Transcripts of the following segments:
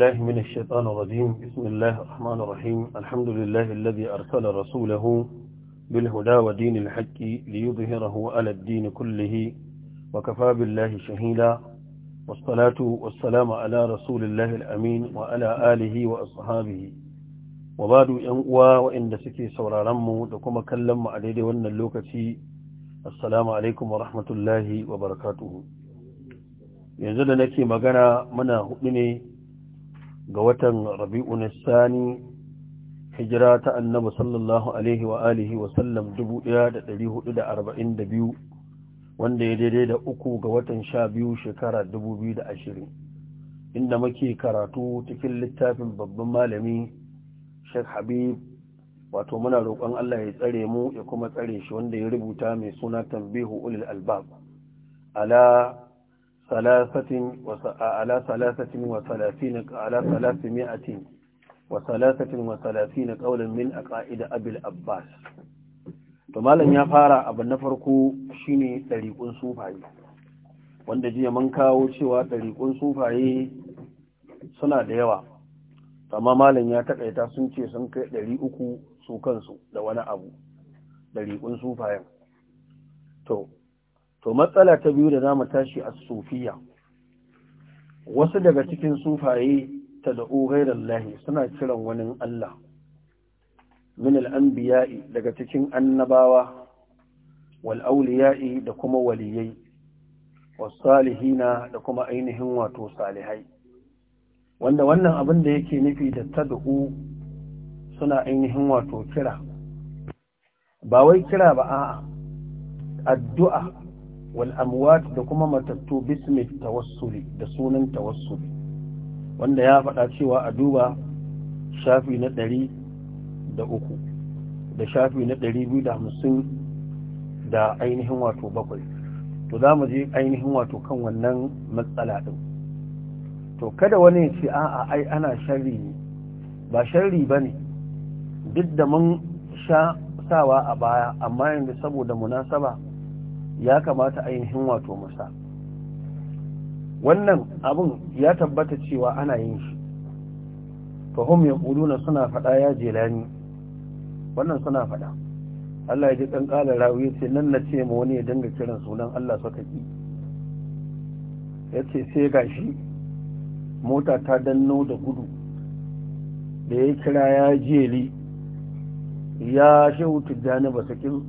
بالله من الشيطان الرجيم بسم الله الرحمن الرحيم الحمد لله الذي أرسل رسوله بالهدى ودين الحق ليظهره على الدين كله وكفى بالله شهيدا والصلاة والسلام على رسول الله الأمين وعلى آله وأصحابه وبعد ينقوى وإن سكي سورا رمو لكم كلم عليه وأن اللوكة السلام عليكم ورحمة الله وبركاته yanzu da nake magana muna hudu ne ga watan rabi'un sani hijira ta annabi sallallahu alaihi wa alihi wa sallam 1442 wanda ya daidai da uku ga watan sha biyu shekara 2020 inda muke karatu cikin littafin babban malami Sheikh Habib wato muna roƙon Allah ya tsare mu ya kuma tsare shi wanda ya rubuta mai suna tambihu ulil albab ala ثلاثة على ثلاثة وثلاثين على ثلاثمائة وثلاثة وثلاثين قولا من أقائد أبي الأباس ومالا يا فارا نفركو شيني صوفعي wanda jiya mun kawo cewa ɗariƙun sufaye suna da yawa amma malam ya taƙaita sun ce sun kai ɗari uku su kansu da wani abu ɗariƙun sufayen to to matsala ta biyu da za mu tashi a sufiya wasu daga cikin sufaye ta da lahi suna kiran wani Allah min al'ambiya'i daga cikin annabawa wal'auliya'i da kuma waliyai wasalihina da kuma ainihin wato salihai wanda wannan abin da yake nufi da ta da'u suna ainihin wato kira ba wai kira ba a addu'a wal amwat da kuma matattu bismi tawassuli da sunan tawassuli wanda ya faɗa cewa a duba shafi na ɗari da uku da shafi na ɗari biyu da hamsin da ainihin wato bakwai to za mu je ainihin wato kan wannan matsala ɗin to kada wani ce a'a ai ana sharri ne ba sharri ba ne duk da mun sha sawa a baya amma yanzu saboda munasaba ya kamata ainihin wato musa wannan abin ya tabbata cewa ana yin shi fahim ya ƙuluna suna faɗa ya jelani wannan suna faɗa Allah ya ji ɗan ƙalar rawi ce nan na ce ma wani ya dinga kiran sunan Allah suka ƙi ya ce sai ga shi mota ta danno da gudu da ya kira ya jeli ya wuce tijjani ba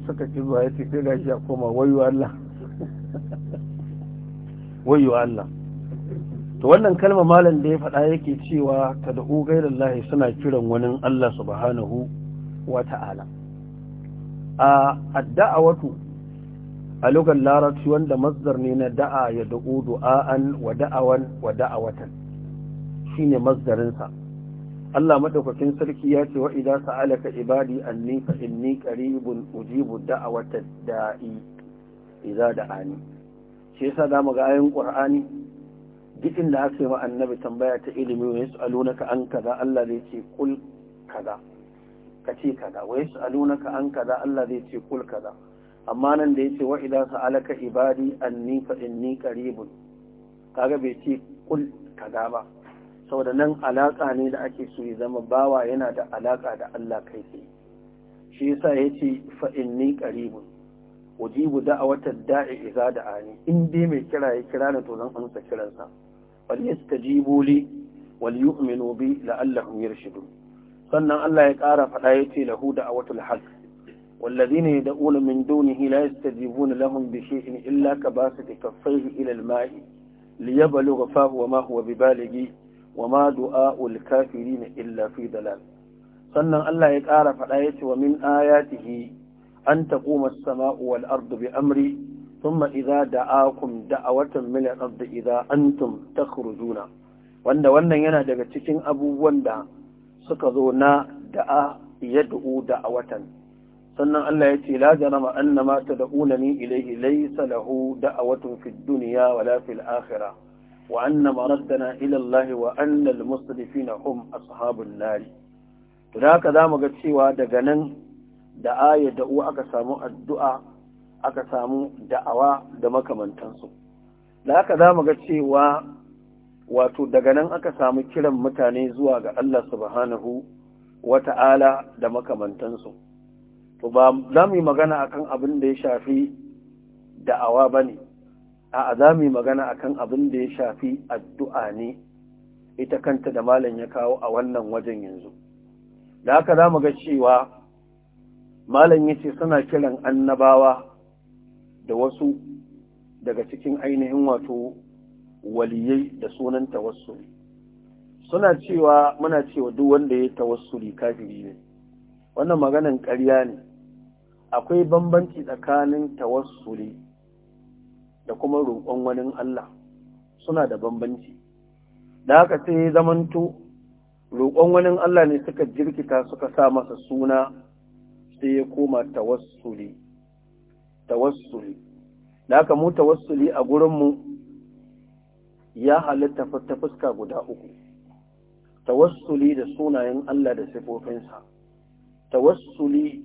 suka ki zuwa ya ce sai gashi a koma wayo Allah wayo Allah to wannan kalma malam da ya faɗa yake cewa ta da'u gairallahi suna kiran wani Allah subhanahu wa ta'ala a wato a lokacin larabci wanda mazdar ne na da'a ya da'u du'a'an wa da'awan wa da'awatan shine mazdarinsa Allah madaukakin sarki ya ce wa idan sa'alaka ibadi anni fa inni qaribun ujibu da'awata da'i idza da'ani shi yasa da mu ga ayoyin Qur'ani duk inda aka yi wa annabi tambaya ta ilimi wa yas'alunaka an kaza Allah zai ce kul kaza ka ce kaza wa yas'alunaka an kaza Allah zai ce kul kaza amma nan da yace wa idan sa'alaka ibadi anni fa inni qaribun kaga bai ce kul kaza ba saboda nan alaƙa ne da ake so ya zama bawa yana da alaƙa da Allah kai tsaye shi yasa ya ce fa inni qaribun ujibu da'awata da'i da da'ani in dai mai kira ya kira ni to zan amsa kiransa wal yastajibu li wal yu'minu bi la'allahum yarshudun sannan Allah ya ƙara faɗa ya ce lahu da'awatul haqq والذين يدعون من دونه لا يستجيبون لهم بشيء إلا كباسط كفيه إلى الماء ليبلغ فاه وما هو ببالغه wa ma du'a'ul kafirina illa fi dalal sannan Allah ya ƙara faɗa ya ce wa min ayatihi an taquma as-sama'u wal ardu bi amri thumma idza da'akum da'awatan min al-ardi idza antum takhrujuna wanda wannan yana daga cikin abubuwan da suka zo na da'a yad'u da'awatan sannan Allah ya ce la jarama annama tad'unani ilayhi laysa lahu da'awatun fid dunya wala fil akhirah وأن مردنا إلى الله وأن المصرفين هم أصحاب النار تراك ذا مقتشيوا دقنا دعاية دعوة أكسامو الدعاء أكسامو دعوة دمك من تنصب لك ذا مقتشيوا wato daga nan aka samu kiran mutane zuwa ga Allah subhanahu wata'ala da makamantansu to ba za mu yi magana akan abin da ya shafi da'awa ba ne a za mu yi magana a kan abin da ya shafi addu'a ne ita kanta da malam ya kawo a wannan wajen yanzu da haka za mu ga cewa malam ya ce suna kiran annabawa da wasu daga cikin ainihin wato waliyai da sunan tawassuri. suna cewa muna cewa duk wanda ya tawassuri kafiri ne wannan maganan ƙarya ne akwai bambanci tsakanin tawassuli da kuma roƙon wani Allah suna da bambanci da haka sai zamanto roƙon wani Allah ne suka jirkita suka sa masa suna sai ya koma tawassuli tawassuli da haka mu tawassuli a gurinmu ya halitta ta fuska guda uku tawassuli da sunayen Allah da sifofinsa tawassuli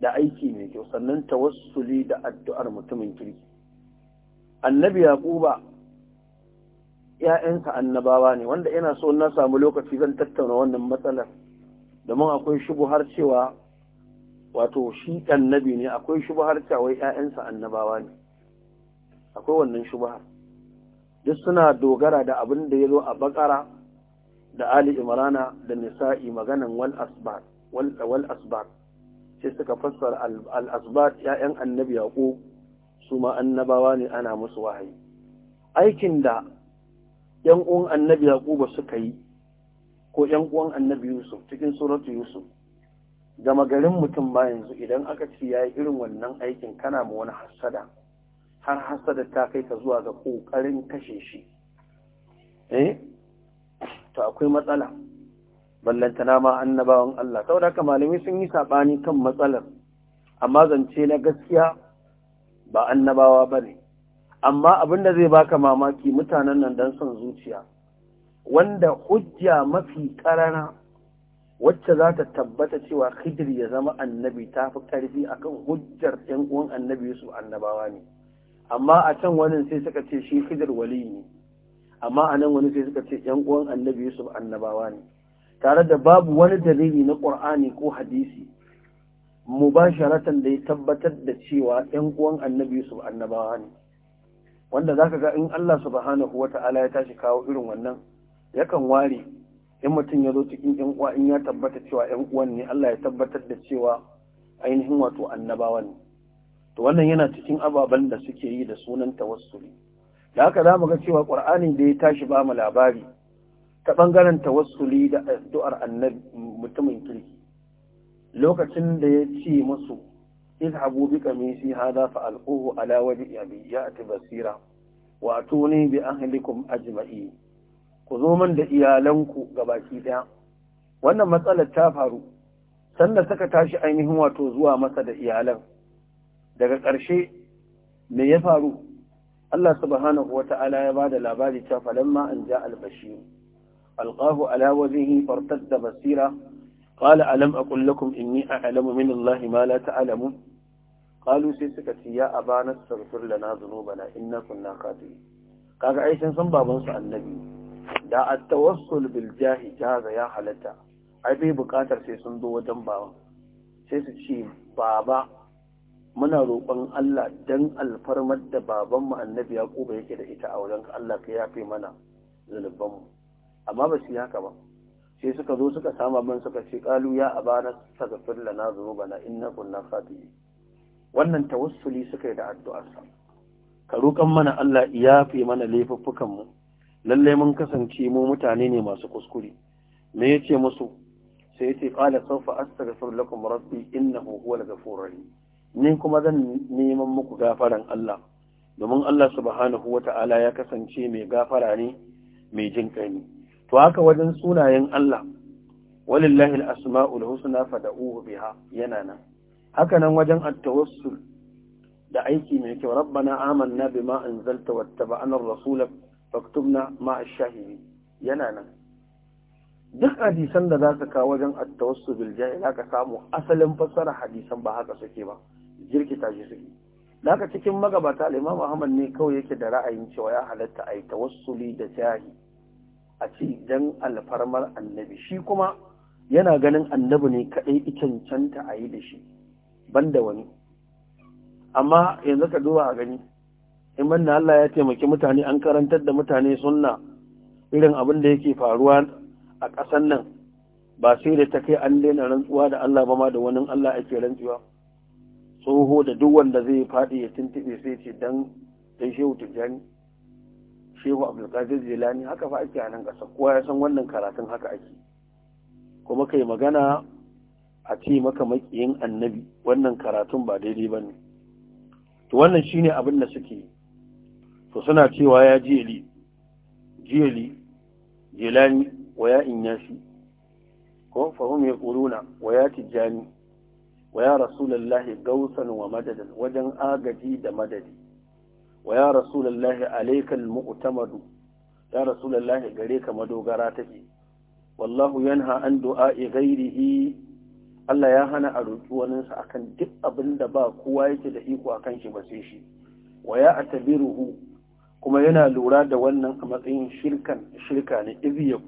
da aiki mai kyau sannan tawassuli da addu'ar mutumin kirki annabi yaquba ‘ya'yansa annabawa ne wanda ina so na samu lokaci zan tattauna wannan matsalar domin akwai shubuhar cewa wato shi annabi ne akwai shubuhar cewa wai ‘ya'yansa annabawa ne akwai wannan shubuhar duk suna dogara da abin da ya zo a bakara da ali imrana da nisa'i maganan wal asbat wal asbat sai suka fassara al asbat ‘ya'yan annabi yaƙo su ma annabawa ne ana musu wahayi aikin da ‘yan uwan annabi Yaquba suka yi ko ‘yan uwan annabi Yusuf cikin suratu Yusuf gama garin mutum ba yanzu idan aka ce ya yi irin wannan aikin kana ma wani hassada har hassada ta kai ka zuwa ga ƙoƙarin kashe shi eh to akwai matsala ballantana ma annabawan Allah saboda haka malamai sun yi saɓani kan matsalar amma zance na gaskiya ba annabawa ba ne amma abin da zai baka mamaki mutanen nan don son zuciya wanda hujja mafi karana wacce za ta tabbata cewa hijir ya zama annabi ta fi ƙarfi akan hujjar ‘yan uwan annabi su annabawa ne amma a can wani sai suka ce shi hijir wali ne amma a nan wani sai suka ce ‘yan uwan annabi su annabawa ne tare da babu wani dalili na ƙur'ani ko hadisi mubasharatan da ya tabbatar da cewa ‘yan uwan annabi Yusuf annabawa ne, wanda za ka ga in Allah subhanahu wa ta'ala ya tashi kawo irin wannan, yakan ware in mutum ya zo cikin ‘yan uwa in ya tabbata cewa ‘yan uwan ne Allah ya tabbatar da cewa ainihin wato annabawa ne. To wannan yana cikin ababen da suke yi da sunan tawassuli. Da haka za mu ga cewa Ƙur'ani da ya tashi ba mu labari ta ɓangaren tawassuli da addu'ar annabi mutumin kirki. lokacin da ya ce musu izhabu bi kamisi hada fa alquhu ala wajhi abi ya'ti basira wa atuni bi ahlikum ajma'i ku zo man da iyalanku gabaki daya wannan matsalar ta faru sanda suka tashi ainihin wato zuwa masa da iyalan daga ƙarshe me ya faru Allah subhanahu wata'ala ya bada labari ta falamma an ja al-bashir alqahu ala wajhihi fartadda basira قال ألم أقل لكم إني أعلم من الله ما لا تعلمون قالوا سيسك يا أبانا استغفر لنا ذنوبنا إنا كنا خاطئين قال عيسى سن بابنس النبي دا التوصل بالجاه جاز يا حلتا ai bai bukatar sai sun zo wajen baban sai baba muna roƙon Allah dan alfarmar da babanmu Annabi ya Yaquba yake da ita a wajen Allah ka yafe mana zunubanmu." amma ba su yi haka ba sai suka zo suka samu abin suka ce kalu ya abana sagafir lana in na kunna khati'i wannan tawassuli suka yi da addu'arsa. ka roƙan mana Allah ya fi mana laifuffukan mu lalle mun kasance mu mutane ne masu kuskure me yace musu sai yace qala sawfa astaghfir lakum rabbi innahu huwal ghafurur rahim ni kuma zan neman muku gafaran Allah domin Allah subhanahu wata'ala ya kasance mai gafara ne mai jin ƙani to haka wajen sunayen Allah walillahi al-asma'ul fada fad'uhu biha yana nan haka nan wajen at da aiki mai kyau rabbana amanna bima anzalta wattaba'na ar-rasul faktubna ma'a ash yana nan duk hadisan da za ka kawo wajen at-tawassul za ka samu asalin fassara hadisan ba haka suke ba jirkita shi suke da cikin magabata al Ahmad ne kawai yake da ra'ayin cewa ya halatta yi tawassuli da jahi a ce dan alfarmar annabi shi kuma yana ganin annabi ne kaɗai canta a yi da shi banda wani amma yanzu ka duba a gani in manna Allah ya taimaki mutane an karantar da mutane suna irin abin da yake faruwa a ƙasan nan ba sai da ta kai an daina rantsuwa da Allah ba ma da wani Allah ake rantsuwa tsoho da duk wanda zai faɗi ya tuntuɓe sai ce dan dan shehu tijjani shehu abdulkadir jilani haka fa ake a nan ƙasa kowa ya san wannan karatun haka ake kuma kai magana a ce maka makiyin annabi wannan karatun ba daidai ba ne to wannan shine abin da suke to suna cewa ya jeli jeli jilani wa ya inyasi ko fahim ya ƙuluna wa ya tijjani wa ya rasulallahi gausan wa madadan wajen agaji da madadi wa ya rasulullahi alaikal mu'tamadu ya rasulullahi gare ka madogara take wallahu yanha an du'a'i ghairihi Allah ya hana a roƙi waninsa akan duk abin da ba kowa yake da iko akan shi ba sai shi wa ya kuma yana lura da wannan a matsayin shirkan shirka ne izi ya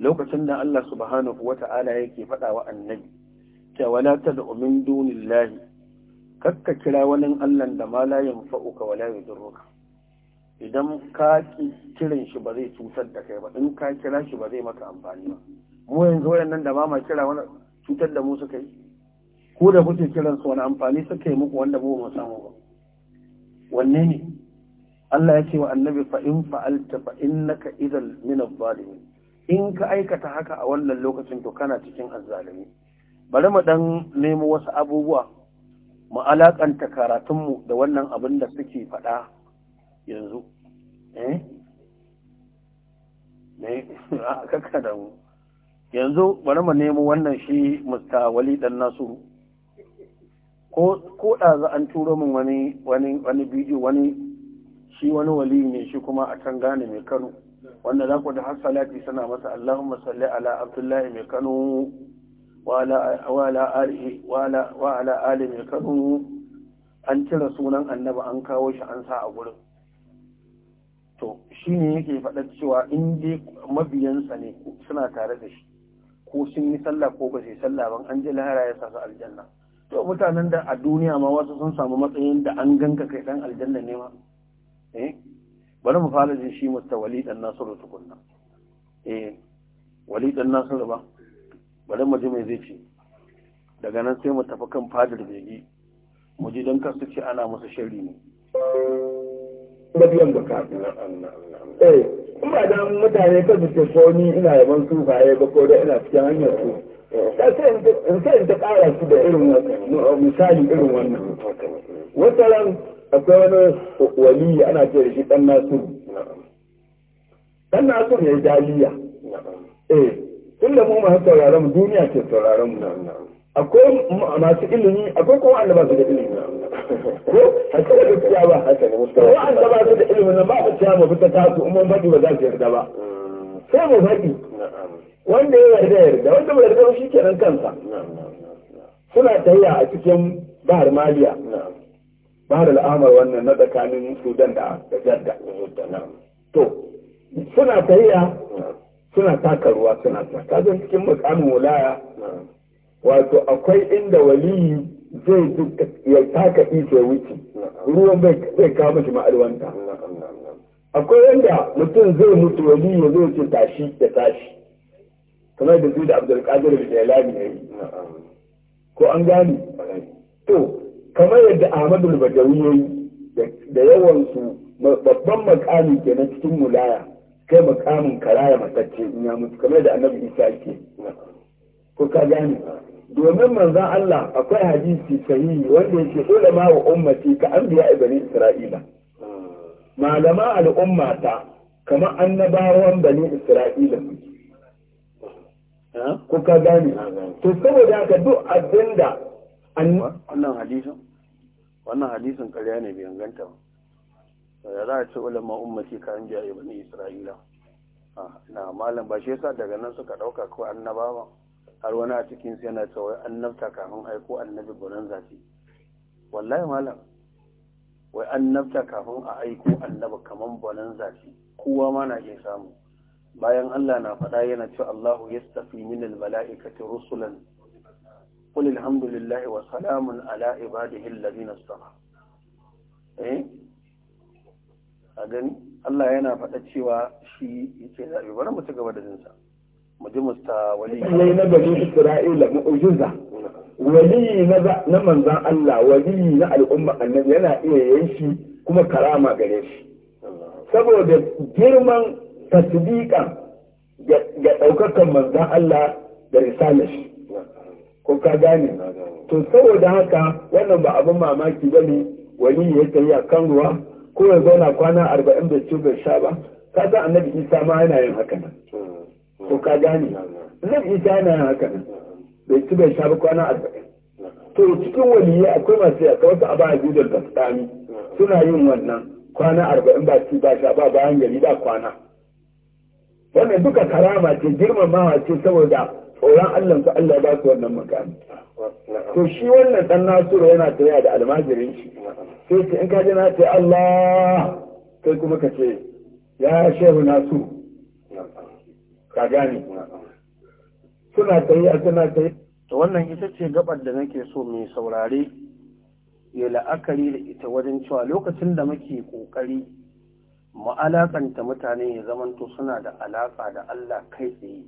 lokacin da Allah subhanahu wata'ala yake faɗa wa annabi ta wala ta da umin dunillahi kakka kira wani Allah da ma la yanfa'uka wala yadurruka idan ka kiran shi ba zai cutar da kai ba in ka kira shi ba zai maka amfani ba mu yanzu wayannan da ba ma kira wani cutar da mu suka yi ko da kuke kiran su wani amfani suka yi muku wanda mu ba samu ba wanne ne Allah ya ce wa annabi fa in fa'alta fa innaka idan min adh-dhalimin in ka aikata haka a wannan lokacin to kana cikin azzalimi bari mu dan nemo wasu abubuwa mu alakanta karatunmu da wannan abin da suke faɗa yanzu eh? ah, yanzu bari mu nemo wannan shi Mr. Wali dan Nasiru ko ɗaza za an turo min wani wani wani bidiyo wani shi wani wali ne shi kuma a can gane mai Kano wanda za ku da har salati suna masa Allahumma salli ala Abdullahi mai Kano ala ali mai kanu an cire sunan annaba an kawo shi an sa a gurin to shi ne yake faɗa cewa in dai mabiyansa ne suna tare da shi ko sun yi sallah ko ba su sallah ban an ji lahara ya sa aljanna to mutanen da a duniya ma wasu sun samu matsayin da an ganka kai dan aljanna ne ma eh bari mu fara jin shi mustawali dan nasiru tukunna eh wali nasiru ba bari mu ji mai zai ce daga nan sai mu tafi kan fadar begi mu ji don kasu ce ana masa shari ne biyan bukatu eh kuma da mutane kan su ko ni ina yaban su baye ba ko da ina cikin hanyar su sai in ta ƙara su da irin misali irin wannan wata ran akwai wani wali ana ce da shi dan nasiru dan nasiru ya yi daliya eh tunda mu ma sauraron mu duniya ce sauraron mu akwai masu ilimi akwai kuma wanda ba su da ilimi ko haka da gaskiya ba haka ne mustawa wanda ba su da ilimi nan ba su cewa mu fita tasu umman baki ba za su yarda ba sai mu faɗi wanda ya yarda yarda wanda ba yarda shi kenan kansa suna tayya a cikin bahar maliya bahar al'amar wannan na tsakanin sudan da jadda to suna tayya suna taka ruwa suna sa kasan cikin makamin wulaya wato akwai inda waliyi zai ya taka iso wuce ruwan bai kawo mashi ma'alwanta akwai yadda mutum zai mutu waliyi ya zai ce tashi da tashi kamar da zai da abdulkadir da jalani ya yi ko an gani to kamar yadda ahmadu al-bajawi ya yi da yawan su babban makami ke na cikin mulaya kai makamin karaya matacce in ya mutu kamar da annabi isa ke ko ka gane domin manzan Allah akwai hadisi sahihi wanda yake ulama wa ummati ka anbiya bani isra'ila malama al'umma ta kamar annabawan bani isra'ila ko ka gane to saboda haka duk abinda wannan hadisin wannan hadisin ƙarya ne bai ganta ba ya za a ce ulama ummati ka an jaye bani isra'ila ah, na malam ba shi yasa daga nan suka ɗauka ko ba har wani a cikin su yana cewa annabta kafin aiko annabi gonan zafi wallahi malam wai annabta kafin a aiko annabi kaman bonan zafi kowa ma na iya samu bayan Allah na faɗa yana cewa Allahu yastafi min al-mala'ikati rusulan qul alhamdulillahi wa salamun ala ibadihi alladhina istafa eh a gani Allah yana faɗa cewa shi yake zaɓe bari mu ci gaba da jinsa mu ji musta wali ne na bani Isra'ila mu'jiza wali na manzan Allah wali na al'umma annabi yana iya yin shi kuma karama gare shi saboda girman tasdiqa ga ɗaukakan manzan Allah da risalar shi ko ka gane to saboda haka wannan ba abin mamaki bane wali ya tafi kan ruwa ko ya zauna kwana arba'in da ciwo bai sha ba ka san annabi isa ma yana yin haka nan ko ka gane annabi isa yana yin haka nan bai ci bai sha ba kwana arba'in to cikin waliyyai akwai masu yaka wasu abaji da tasdami suna yin wannan kwana arba'in ba ci ba sha ba bayan gari ba kwana wannan duka karama ce girmamawa ce saboda tsoron Allah ka Allah ba su wannan makami to shi wannan ɗan Nasiru yana tafiya da almajirin shi sai ce in ka ji na ce Allah kai kuma ka ce ya shehu Nasiru ka gane suna a suna tafiya to wannan ita ce gabar da nake so mai saurare ya la'akari da ita wajen cewa lokacin da muke kokari mu alaƙanta mutane ya zamanto suna da alaka da Allah kai tsaye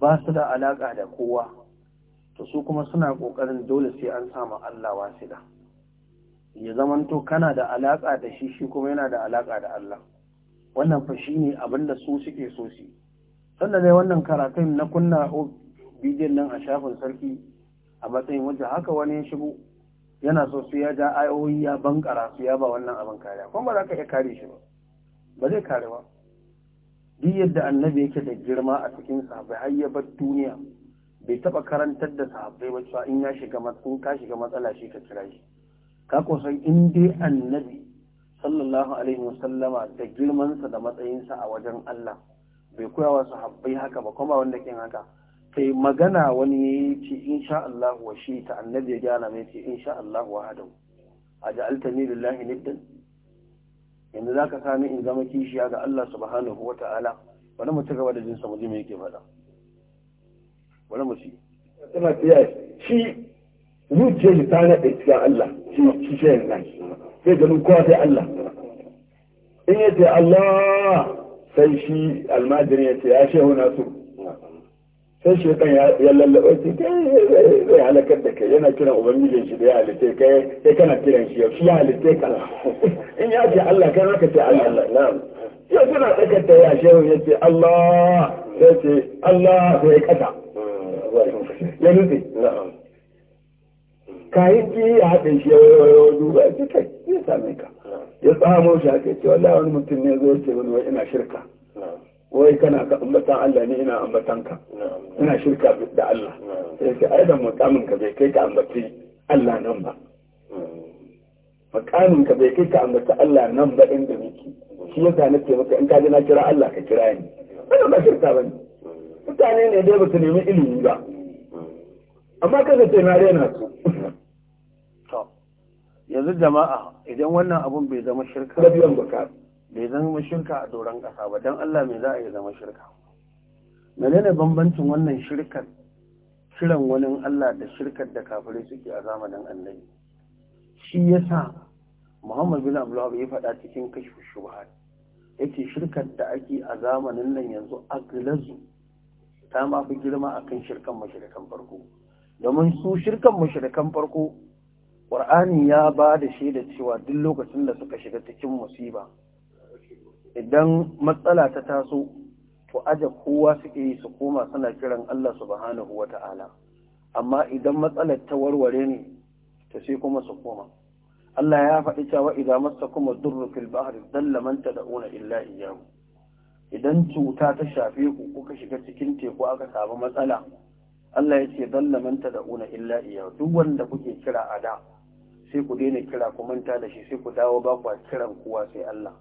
ba su da alaƙa da kowa to su kuma suna ƙoƙarin dole sai an samu Allah wasila ya zamanto kana da alaƙa da shi shi kuma yana da alaƙa da Allah wannan fa shi ne abin da su suke so su sannan dai wannan karatun na kunna bidiyon nan a shafin sarki a matsayin wajen haka wani ya shigo yana so su ya ja ayoyi ya bankara su ya ba wannan abin kariya kuma ba za ka iya kare shi ba ba zai kare ba duk yadda annabi yake da girma a cikin sahabbai har ya bar duniya bai taba karantar da sahabbai ba cewa in ya shiga ka shiga matsala shi ka kira shi ka ko in dai annabi sallallahu alaihi wasallama da girmansa da matsayinsa a wajen Allah bai koya wa sahabbai haka ba kuma wanda kin haka kai magana wani ya ce insha Allah wa shi ta annabi ya gyara mai ce insha Allah wa hadau a ja'altani lillahi niddan yanzu za ka sami in zama kishiya ga Allah subhanahu wa ta'ala wani mu ci gaba da jinsa mu ji me yake faɗa wani mu ci tana biya shi zuciya shi ta naɗe cikin Allah shi shi shi yana sai ganin kowa sai Allah in ya ce Allah sai shi almajirin ya ce ya shehu na su sai shekan kan ya lallaba shi kai ya halakar da kai yana kiran ubangijin shi da ya halitta kai ya kana kiran shi shi ya halitta kala in ya ce Allah kai haka ce Allah na'am ya suna tsakar da ya shehu ya ce Allah sai ce Allah sai kasa ya nufi kayi ji ya haɗe shi ya wayo duba ya ce kai ya same ka ya tsamo shi haka ya ce wallahi wani mutum ne zo ce wani wai ina shirka wai kana ka ambatan Allah ne ina ambatan ka ina shirka da Allah sai ka aidan mutamin ka bai kai ka ambaci Allah nan ba makamin ka bai kai ka ambaci Allah nan ba inda miki shi yasa nake maka in ka ji na kira Allah ka kira ni wannan ba shirka bane mutane ne dai ba su nemi ilimi ba amma ka ga na rena su yanzu jama'a idan wannan abun bai zama shirka ba biyan bukatu bai zama shirka a doron ƙasa ba don Allah mai za a yi zama shirka menene bambancin wannan shirkar shirin wani Allah da shirkar da kafirai suke a zamanin annabi shi ya sa Muhammad bin Abdullah ya faɗa cikin ba shubhat Yake shirkar da ake a zamanin nan yanzu a aglazu ta ma fi girma akan shirkan mashirkan farko domin su shirkan mashirkan farko Ƙur'ani ya ba da shaida cewa duk lokacin da suka shiga cikin musiba idan matsala ta taso to aje kowa suke yi su koma suna kiran Allah subhanahu wa ta'ala amma idan matsalar ta warware ne to sai kuma su koma Allah ya faɗi cewa idan masakum kuma durru fil bahri dalla man tad'una illa iyyahu idan cuta ta shafe ku kuka shiga cikin teku aka samu matsala Allah ya ce dalla man tad'una illa iyyahu duk wanda kuke kira a da sai ku daina kira ku manta da shi sai ku dawo ba kiran kowa sai Allah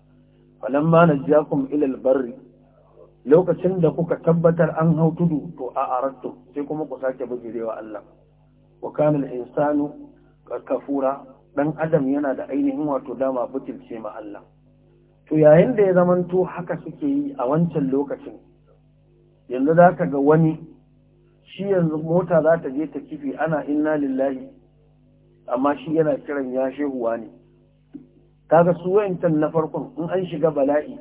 falamma najjakum ilal barri lokacin da kuka tabbatar an hau tudu to a arattu sai kuma ku sake bujirewa Allah wa kana al-insanu kafura dan adam yana da ainihin wato dama butulce ma Allah to yayin da ya zamanto haka suke yi a wancan lokacin yanzu za ka ga wani shi yanzu mota za ta je ta kifi ana inna lillahi amma shi yana kiran ya shehuwa ne kaga su wayancan na farkon in an shiga bala'i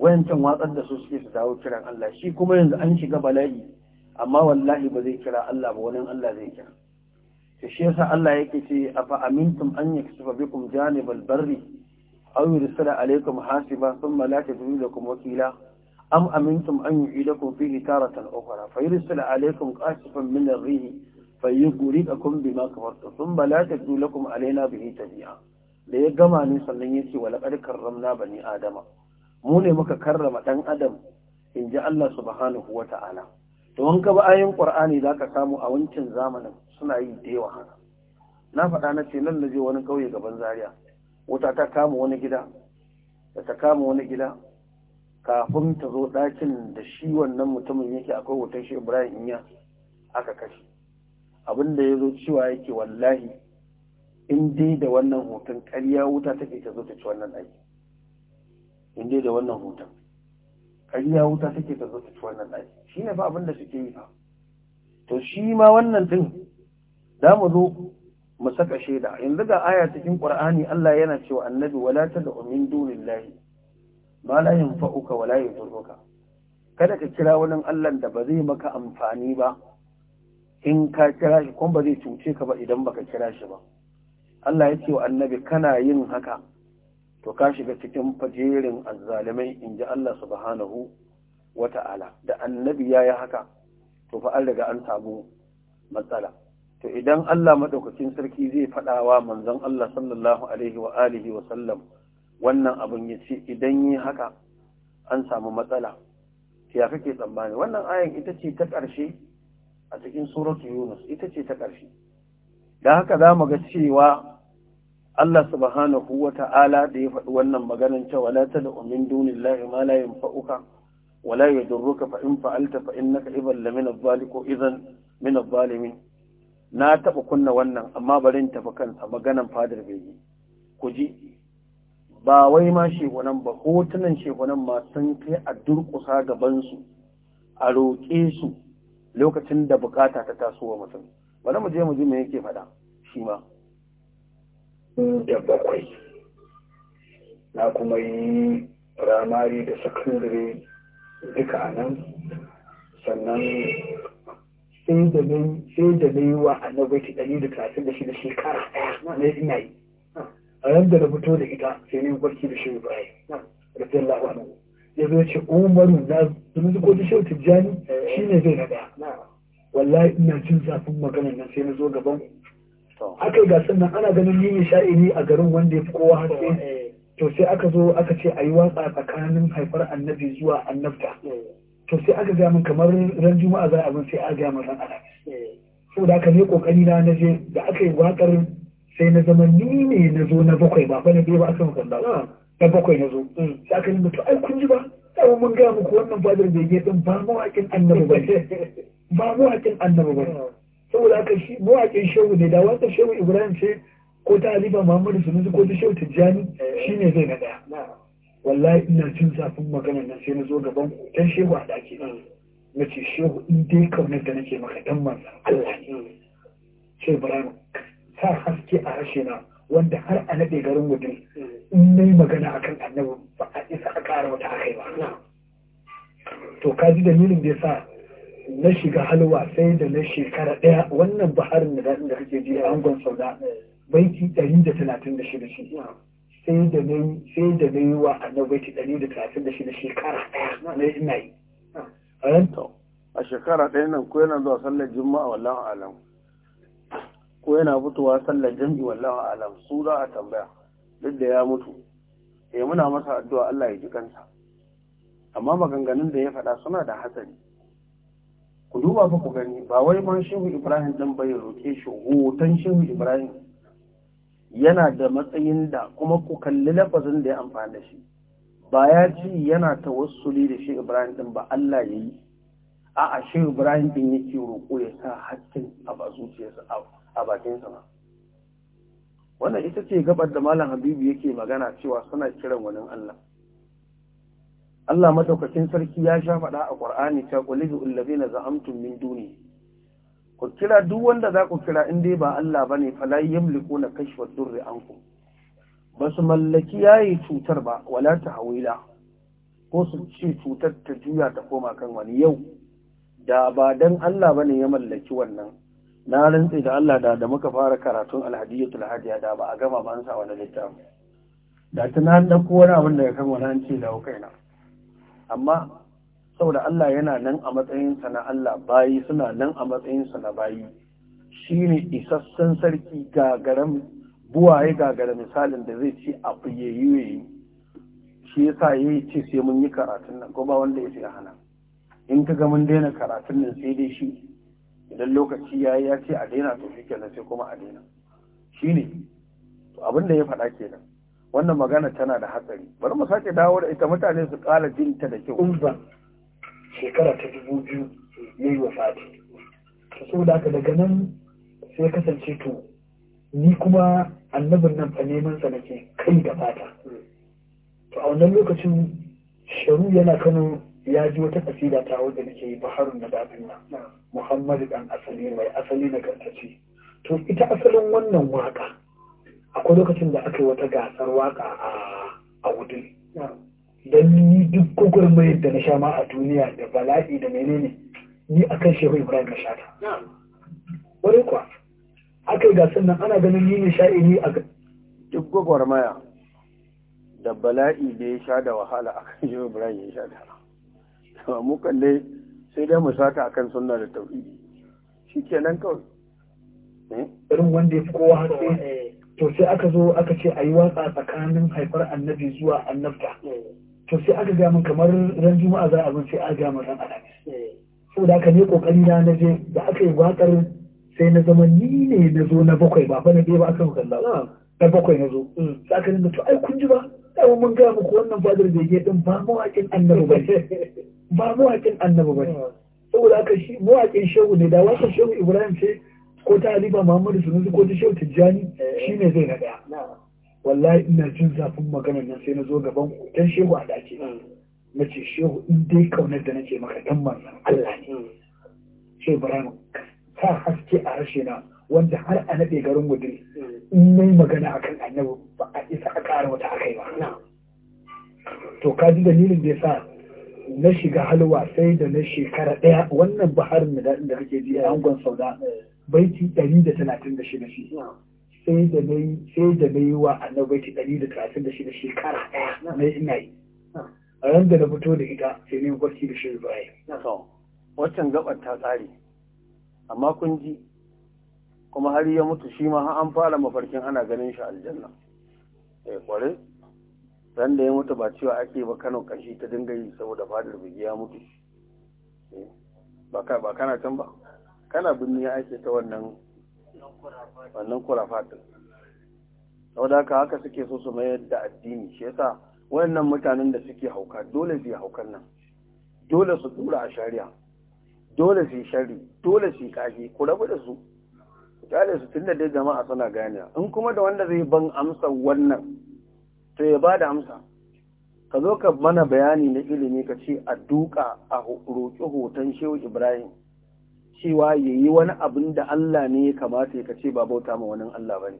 wayancan watsar da su suke su dawo kiran Allah shi kuma yanzu an shiga bala'i amma wallahi ba zai kira Allah ba wani Allah zai kira to shi yasa Allah yake ce afa amintum an yaksufa bikum janibal barri aw yursala alaykum hasiba thumma la tajidu lakum wakila am amintum an yu'idakum fihi taratan ukhra fa yursala alaykum qasifan min ar-rih fayughriqakum bima kafartum thumma la tajidu lakum alayna bihi tabi'a da ya gama ne sannan ya ce Ramna ba bani adama mu ne muka karrama ɗan adam in ji Allah subhanahu wa ta'ala to an ka ba ayin qur'ani zaka samu a wancan zamanin suna yi da yawa haka na faɗa na ce nan na je wani kauye gaban zaria wuta ta kama wani gida da ta kama wani gida kafin ta zo ɗakin da shi wannan mutumin yake akwai wutar shi ibrahim inya aka kashe abin da ya zo cewa yake wallahi in dai da wannan hoton ƙarya wuta take ta zo ta ci wannan ɗaki in dai da wannan hoton ƙarya wuta take ta zo ta ci wannan ɗaki shi ne fa abin da suke yi fa to shi ma wannan din za mu zo mu saka shaida yanzu ga aya cikin ƙur'ani Allah yana cewa annabi wala da min dunillahi ma la yanfa'uka wala yadurruka kada ka kira wani Allah da ba zai maka amfani ba in ka kira shi kuma ba zai cuce ka ba idan baka kira shi ba Allah ya ce wa annabi kana yin haka to ka shiga cikin fajerin azzalimai in ji Allah subhanahu wa ta'ala da annabi ya yi haka to fa an an samu matsala to idan Allah maɗaukacin sarki zai faɗawa manzon Allah sallallahu alaihi wa alihi wa sallam wannan abin ya ce idan yi haka an samu matsala ya kake tsammani wannan ayan ita ce ta ƙarshe a cikin suratul yunus ita ce ta ƙarshe da haka za mu ga cewa Allah subhanahu wa ta'ala da ya faɗi wannan maganan cewa la ta da umin dunin la’i ma layin fa'uka wa ya durruka fa fa'alta fain na naka iban minar zali ko izan min zalimin na taɓa kunna wannan amma bari in tafi kansa maganan fadar bai ku ji ba wai ma shekunan ba hotunan shekunan ma sun kai a durƙusa gabansu a roƙe su lokacin da bukata ta tasowa mutum bari mu je mu ji me yake faɗa shi ma da bakwai na kuma yi firamare da sakandare duka a nan sannan sai da na yi wa annabai ta ɗari da talatin da shida shekara ɗaya na ina yi a ran da na fito da ita sai na yi barci da shi ibrahim rabbi allah wa ya zo ce umaru na zunuzuko da shi tijjani shi ne zai na ɗaya wallahi ina jin zafin maganar nan sai na zo gaban aka yi gasar nan ana ganin ni sha'ini a garin wanda ya fi kowa haske eh, eh. to sai aka zo aka ce a yi watsa tsakanin haifar annabi zuwa annabta eh. to sai aka gaya min kamar ran juma'a za a bin sai a gaya min ran alhamis da aka ne kokari na na je da aka yi watsar sai na zama ni ne na zo na bakwai ba ba na biyu ba aka yi ba ah. na bakwai na zo mm. sai aka yi mutu ai kun ji ba sai mun gaya muku wannan fadar bege din ba mawaƙin annabi ba ba mawaƙin annabi ba saboda aka shi mawaƙin shehu ne da wata shehu ibrahim ce ko ta alifa muhammadu sunusu ko ta shehu tijjani shi ne zai na wallahi ina cin zafin magana nan sai na zo gaban dan shehu a daki na ce shehu in dai kaunar da nake maka dan manzan allah ne ce ibrahim sa haske a harshe na wanda har a naɗe garin mutum in nai magana akan annabi ba a isa a ƙara wata akai ba to ka ji dalilin da ya sa na shiga halwa sai da na shekara ɗaya wannan baharin da daɗin da kake ji a angon sauda baiti ɗari da talatin da shida shi sai da na yi wa annabi baiti ɗari da talatin da shida shekara ɗaya na ina yi a shekara ɗaya nan ko yana zuwa sallar juma'a wallahu alam ko yana fitowa sallar jam'i wallahu alam su za a tambaya duk da ya mutu ya eh, muna masa addu'a Allah ya ji kansa amma maganganun da ya faɗa suna da hatsari ku duba fa ku gani ba wai man shehu ibrahim dan bai roƙe shi hoton shehu ibrahim yana da matsayin da kuma ku kalli lafazin da ya amfani da shi ba ya ci yana tawassuli da shehu ibrahim din ba Allah ya yi a'a shehu ibrahim din yake roƙo ya sa hakkin a ba zuciyarsa a ba wannan ita ce gabar da malam habibu yake magana cewa suna kiran wani Allah Allah madaukakin sarki ya sha faɗa a Qur'ani ta qulidu allazina za'amtum min duni ku kira duk wanda za ku kira in dai ba Allah bane fala na kashfa durri ankum basu mallaki yayi cutar ba wala tahwila ko su ce cutar ta juya ta koma kan wani yau da ba dan Allah bane ya mallaki wannan na rantsi da Allah da da muka fara karatun alhadiyatul hadiya da ba a gama ba an sa wani littafi da tunan da kowa abin da ya kan wani an ce da kaina amma saboda Allah yana nan a matsayinsa na Allah bayi suna nan a matsayinsa na bayi shine isassan sarki gagaran buwaye gagara misalin da zai ci a yi shi ya yasa yi ce sai mun yi karatun nan ko ba wanda ya ce hana in ka ga mun daina karatun nan sai dai shi idan lokaci ya yi ya ce a daina to shi kenan sai kuma a daina shi ne abin da ya faɗa kenan wannan magana tana da hatsari bari mu sake dawo da ita mutane su kala jinta da kyau umba shekara ta dubu biyu ya yi wafati so da aka daga nan sai kasance to ni kuma annabin nan fa neman sa nake kai da fata to a wannan lokacin sharu yana kano ya ji wata kasida ta wanda nake yi baharun na dafin nan muhammadu dan asali mai asali na kantace to ita asalin wannan waka akwai lokacin da aka yi wata gasar waka a wudin don ni duk gwagwarmayar da na sha ma a duniya da bala'i da menene ni akan shehu ibrahim na sha ta wani kuwa aka yi gasar nan ana ganin ni ne sha'i ni a duk gwagwarmaya da bala'i da ya sha da wahala akan shehu ibrahim ya sha ta mu kalle sai dai mu saka akan sunna da tauhidi shikenan kawai eh? irin wanda ya fi kowa to sai aka zo aka ce a yi watsa tsakanin haifar annabi zuwa annabta to sai aka gaya min kamar ran juma'a za a zo sai a gaya ran alhamis saboda haka ne kokari na na je da aka yi watsar sai na zama ni ne na zo na bakwai ba ba na biyu ba aka kalla na bakwai na zo mm. sai aka nuna to ai kun ji ba ai mun gaya muku wannan fadar da yake din ba mawaƙin annabi ba ba mawaƙin annabi ba saboda haka shi mawaƙin shehu ne da wasan shehu ibrahim ce ko ta aliba muhammadu sunusi ko ta shehu tijjani eh. shi ne zai na daya wallahi ina jin zafin maganar nan sai na zo gaban dan shehu a dace hmm. na ce shehu in dai kaunar da nake maka dan manzan Allah ne ce hmm. Ibrahim sa haske a harshe na wanda har a naɗe garin gudun hmm. in mai magana akan annabi ba a isa a ƙara wata akai ba to ka ji dalilin da ya sa na shiga halwa sai da na shekara ɗaya wannan baharin da kake ji a yangon sauda eh. baiti ɗari da talatin da shida shi sai da na yi wa annabi baiti ɗari da talatin da shida shekara ɗaya na ina yi a ran da na fito da ita sai ne kwarki da shi zuwa waccan gabar ta tsari amma kun ji kuma har ya mutu shi ma an fara mafarkin ana ganin shi aljanna eh kware ran da ya mutu ba cewa ake ba Kano kashi ta dinga yi saboda fadar bigi ya mutu eh, ba kana can ba kana binne ya ake ta wannan wannan kurafatin sau da haka suke so su mayar da addini shi yasa wannan mutanen da suke hauka dole su haukan nan dole su tura a shari'a dole su yi shari dole su yi kaji ku rabu da su kyale su da dai jama'a suna gani in kuma da wanda zai ban amsa wannan to ya ba da amsa ka zo ka mana bayani na ilimi ka ce a duka a roƙi hoton shehu ibrahim cewa ya yi wani abin da Allah ne ya kamata ya kace ba bauta ma wani Allah ba ne.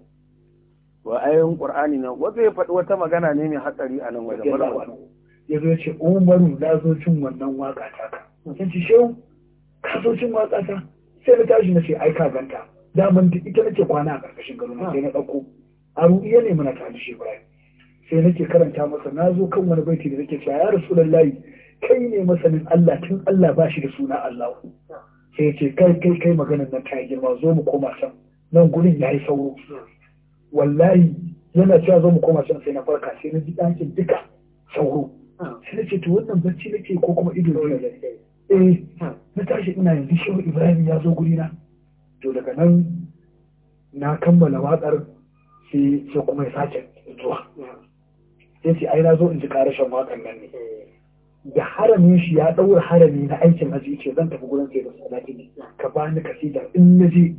Wa ayoyin Ƙur'ani nan wata ya faɗi wata magana ne mai hatsari a nan wajen wani. Ya zo ce, Umaru na zo cin wannan waƙa ta ka. Sun ci shehu, ka zo cin waƙa ta. Sai na tashi na ce, ai ka ganta. Daman ita nake kwana a ƙarƙashin garo na sai na ɗauko. A ru'iya ne muna tare shi Sai nake karanta masa na zo kan wani baiti da nake cewa ya Rasulullahi kai ne masanin Allah tun Allah ba shi da suna Allahu. sai ce kai kai kai maganin nan ta girma zo mu koma can nan gurin ya yi sauro wallahi yana cewa zo mu koma can sai na farka sai na ji ɗakin duka sauro sai na ce to wannan bacci nake ko kuma ido ne eh na tashi ina yanzu shehu ibrahim ya zo guri na to daga nan na kammala watsar sai sai kuma ya sace zuwa sai ce ai na zo in ji ƙarashin watsar nan ne da haramin shi ya ɗaura harami na aikin aji ce zan tafi gurin kai da salati ne ka ba ni kasida in na je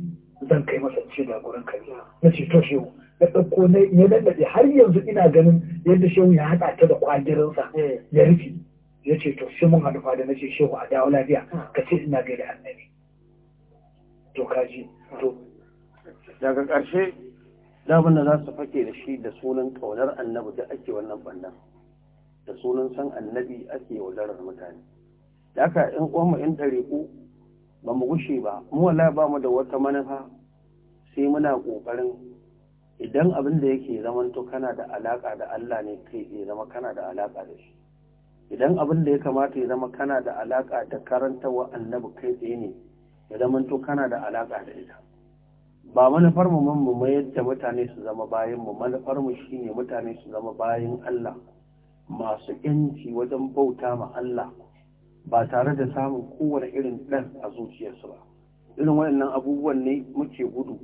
zan kai masa ce da gurin kai na ce to shehu na ɗauko na ya daddaɗe har yanzu ina ganin yadda shehu ya haɗa ta da kwagirinsa ya rufe ya ce to sai mun haɗu da na ce shehu a dawo lafiya ah. ka ce ina gaida annabi to kaji ah. to daga ƙarshe damar da za su fake da shi da sunan ƙaunar annabi da ake wannan bannan da sunan san annabi ake wadarar mutane da in kuma in dare ku? ba mu gushe ba mu wala ba mu da wata manufa sai muna ƙoƙarin idan abin da yake zamanto kana da alaƙa da Allah ne kai ya zama kana da alaƙa da shi idan abin da ya kamata ya zama kana da alaƙa da karantawa annabi kai tsaye ne ya zamanto kana da alaƙa da ita ba manufar mu mun mu mayar da mutane su zama bayan mu manufar mu shine mutane su zama bayan Allah masu yanci wajen bauta ma Allah ba tare da samun kowane irin ɗan a zuciyarsu ba irin waɗannan abubuwan ne muke gudu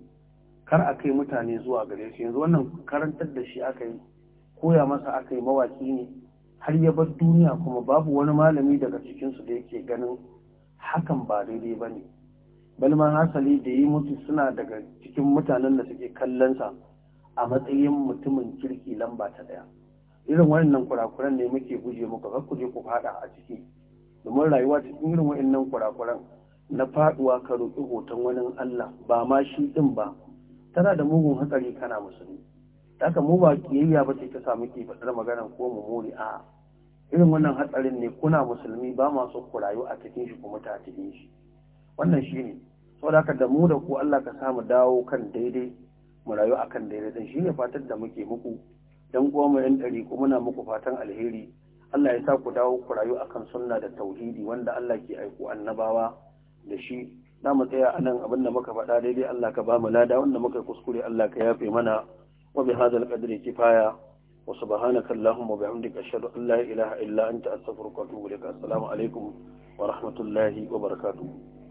kar a kai mutane zuwa gare su yanzu wannan karantar da shi aka yi koya masa aka yi mawaki ne har ya bar duniya kuma babu wani malami daga cikinsu da yake ganin hakan ba daidai ba ne balman hasali da yi mutu suna daga cikin mutanen da suke kallonsa a matsayin mutumin kirki lamba ta ɗaya irin wayannan kurakuran ne muke guje muku kar ku je ku fada a ciki domin rayuwa cikin irin wayannan kurakuran na faduwa ka roƙi hoton wani Allah ba ma shi din ba tana da mugun hatsari kana musulmi haka mu ba kiyayya ba ce ta samu ke faɗar magana ko mu muri a irin wannan hatsarin ne kuna musulmi ba ma so ku rayu a cikin shi kuma ta cikin shi wannan shi ne saboda haka da mu da ku Allah ka samu dawo kan daidai mu rayu akan daidai din ne fatar da muke muku dan kuwa mu yan dari kuma muna muku fatan alheri Allah ya sa ku dawo ku rayu akan sunna da tauhidi wanda Allah ke aiko annabawa da shi na mu tsaya a nan abin da muka faɗa daidai Allah ka ba mu lada wanda muka kuskure Allah ka yafe mana wa bi hadzal qadri kifaya wa subhanaka allahumma bihamdika ashhadu an la ilaha illa anta astaghfiruka wa atubu ilaik assalamu alaikum wa rahmatullahi wa barakatuh